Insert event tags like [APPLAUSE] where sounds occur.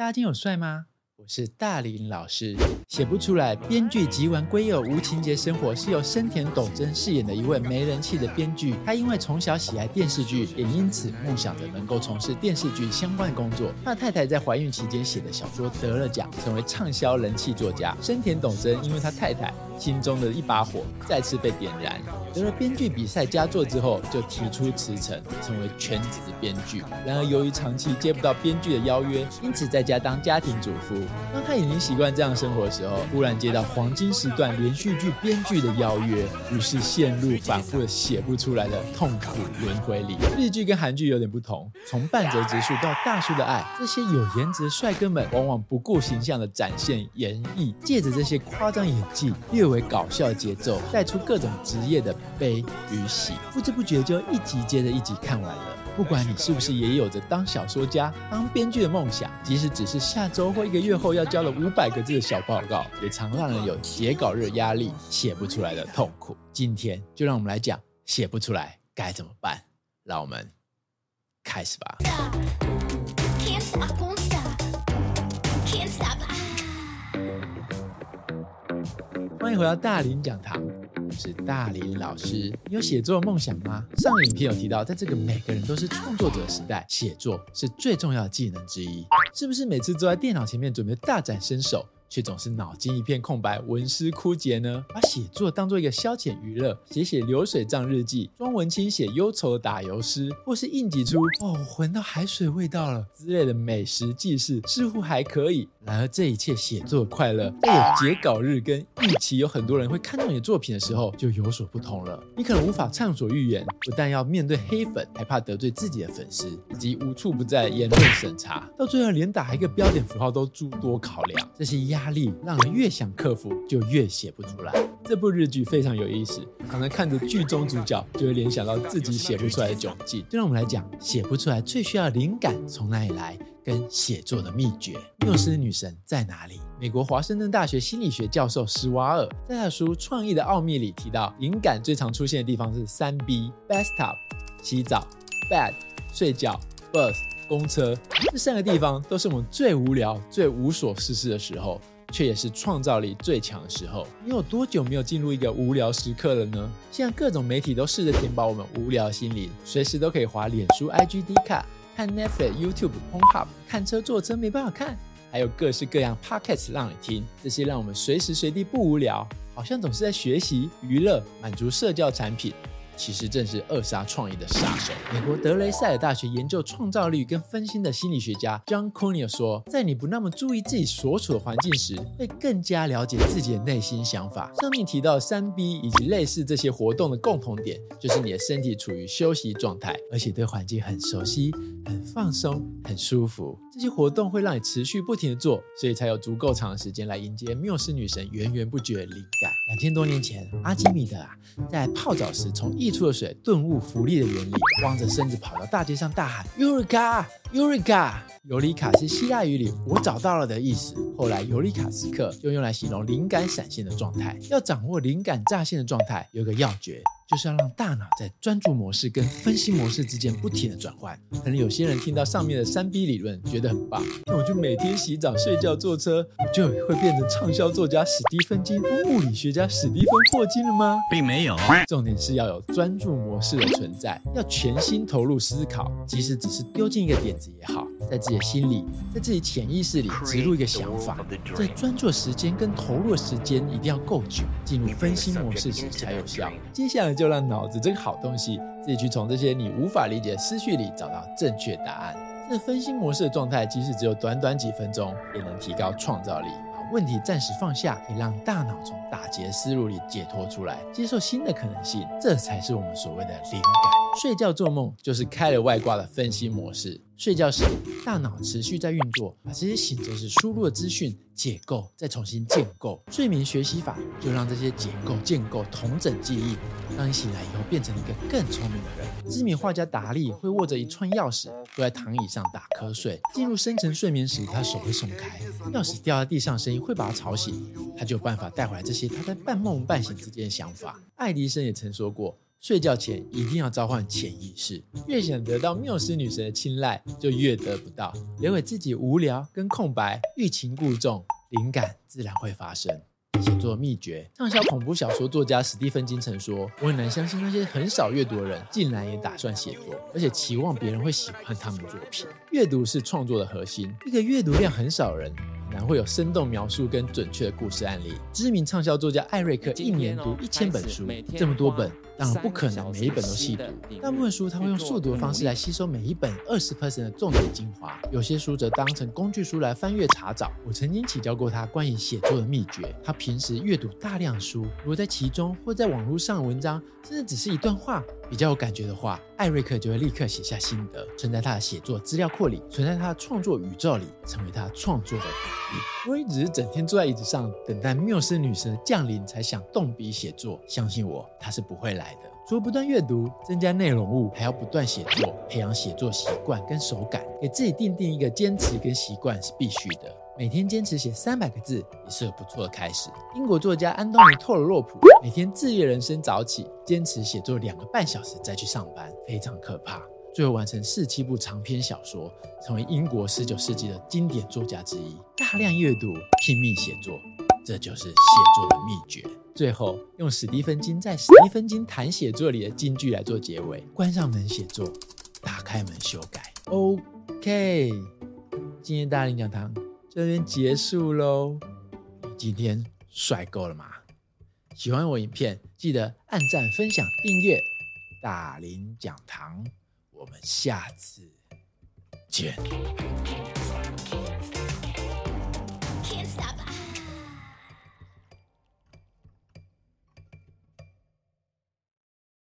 大家今天有帥嗎？我是大林老師。寫不出來，編劇吉丸圭佑無情節生活是由生田斗真飾演的一位沒人氣的編劇。他因為從小喜愛電視劇，也因此夢想着能夠從事電視劇相關工作。他太太在懷孕期間寫的小說得了獎，成為暢銷人氣作家。生田斗真因為他太太心中的一把火再次被點燃。得了編劇比賽佳作之後，就提出辭呈，成為全職編劇。然而由於長期接不到編劇的邀約，因此在家當家庭主夫。當他已經習慣這樣的生活的時候，忽然接到黃金時段連續劇編劇的邀約，於是陷入反覆的寫不出來的痛苦輪迴裡。日劇跟韓劇有點不同，從《半澤直樹》到《大叔的愛》，這些有顏值的帥哥們往往不顧形象的展現顏藝，借着這些誇張演技、略為搞笑的節奏，帶出各種職業的。悲與喜，不知不覺就一集接着一集看完了。不管你是不是也有着當小說家、當編劇的夢想，即使只是下周或一個月後要交了五百個字的小報告，也常讓人有截稿日壓力、寫不出來的痛苦。今天就讓我們來講寫不出來該怎麼辦。讓我們開始吧。 [MUSIC] 歡迎回到大林講堂。是大林老師，你有寫作夢想嗎？上影片有提到，在這個每個人都是創作者時代，寫作是最重要的技能之一。是不是每次坐在電腦前面，準備大展身手？卻總是腦筋一片空白，文思枯竭呢？把寫作當做一個消遣娛樂，寫寫流水賬日記，裝文青寫憂愁的打油詩，或是硬擠出“哦，我聞到海水味道了”之類的美食記事，似乎還可以。然而，這一切寫作的快樂，有截稿日跟預期有很多人會看到你的作品的時候，就有所不同了。你可能無法暢所欲言，不但要面對黑粉，還怕得罪自己的粉絲，以及無處不在言論審查，到最後連打一個標點符號都諸多考量。這是一樣。壓力讓人越想克服，就越寫不出來。這部日劇非常有意思，可能看着劇中主角，就會聯想到自己寫不出來的窘境。對我們來講，寫不出來最需要靈感從哪裡來，跟寫作的秘訣。繆斯女神在哪裡？美國華盛頓大學心理學教授施瓦爾在他的書《創意的奧秘》裡提到，靈感最常出現的地方是三 B：bathtub（ 洗澡）、bed（ 睡覺）、bus 公車，這三個地方都是我們最無聊、最無所事事的時候，卻也是創造力最強的時候。你有多久沒有進入一個無聊時刻了呢？現在各種媒體都試着填飽我們無聊的心靈，隨時都可以滑臉書、IG、Dcard，看 Netflix、YouTube、Pornhub，看車坐車沒辦法看，還有各式各樣 Podcast 讓你聽，這些讓我們隨時隨地不無聊，好像總是在學習、娛樂、滿足社交產品。其實正是扼殺創意的殺手。美國德雷塞爾大學研究創造力跟分心的心理學家 John Kounios 說，在你不那麼注意自己所處的環境時，會更加了解自己的內心想法。上面提到三 B 以及類似這些活動的共同點，就是你的身體處於休息狀態，而且對環境很熟悉、很放鬆、很舒服。這些活動會讓你持續不停地做，所以才有足夠長的時間來迎接繆斯女神源源不絕靈感。兩千多年前，阿基米德、啊、在泡澡時從溢出的水頓悟浮力的原理，光着身子跑到大街上大喊：Eureka！Eureka！尤里卡是希臘語裡“我找到了”的意思，後來尤里卡時刻就用來形容靈感閃現的狀態。要掌握靈感乍現的狀態，有個要訣，就是要讓大腦在專注模式跟分析模式之間不停的轉換。可能有些人聽到上面的 3B 理論，覺得很棒，那我就每天洗澡、睡覺、坐車，我就會變成暢銷作家史蒂芬金、物理學家史蒂芬霍金了嗎？並沒有。重點是要有專注模式的存在，要全心投入思考，即使只是丟進一個點子也好，在。自己心裡，在自己潛意識裡植入一個想法，在專注時間跟投入的時間一定要夠久，進入分心模式時才有效。接下來就讓腦子這個好東西自己去從這些你無法理解的思緒裡找到正確答案。這分心模式的狀態，即使只有短短幾分鐘，也能提高創造力。把問題暫時放下，可以讓大腦從打結的思路裡解脫出來，接受新的可能性。這才是我們所謂的靈感。睡覺做夢就是開了外掛的分析模式。睡覺時，大腦持續在運作，把這些醒着時輸入的資訊解構，再重新建構。睡眠學習法就讓這些解構、建構統整記憶，讓你醒來以後變成一個更聰明的人。知名畫家達利會握着一串鑰匙坐在躺椅上打瞌睡，進入深層睡眠時，他手會鬆開，鑰匙掉在地上，聲音會把他吵醒，他就有辦法帶回來這些他在半夢半醒之間的想法。愛迪生也曾說過。睡覺前一定要召喚潛意識。越想得到繆斯女神的青睞，就越得不到。留給自己無聊跟空白，欲擒故縱，靈感自然會發生。寫作秘訣：暢銷恐怖小說作家史蒂芬金曾說：“我很難相信那些很少閱讀的人，竟然也打算寫作，而且期望別人會喜歡他們的作品。閱讀是創作的核心。一個閱讀量很少的人，很難會有生動描述跟準確的故事案例。”知名暢銷作家愛瑞克一年讀一千本書，哦、這麼多本。當然不可能每一本都細讀，大部分書他會用速讀的方式來吸收每一本二十 percent 的重點精華，力有些書則當成工具書來翻閱查找。我曾經請教過他關於寫作的秘訣，他平時閱讀大量書，如果在其中或在網絡上的文章，甚至只是一段話比較有感覺的話，艾瑞克就會立刻寫下心得，存在他的寫作資料庫裡，存在他的創作宇宙裡，成為他創作的底力。如果你只是整天坐在椅子上等待繆斯女神降臨，才想動筆寫作，相信我，他是不會來的。除了不斷閱讀，增加內容物，還要不斷寫作，培養寫作習慣跟手感，給自己訂定一個堅持跟習慣是必須的。每天堅持寫三百個字，也是個不錯的開始。英國作家安東尼·托爾洛普每天自業人生早起，堅持寫作兩個半小時再去上班，非常可怕，最後完成四七部長篇小說，成為英國十九世紀的經典作家之一。大量閱讀，拼命寫作，這就是寫作的秘訣。最後用史蒂芬金在《史蒂芬金談寫作》裡的金句來做結尾：關上門寫作，打開門修改。OK，今天大林講堂這邊結束嘍。你今天帥夠了嗎？喜歡我影片，記得按讚、分享、訂閱大林講堂。我們下次見。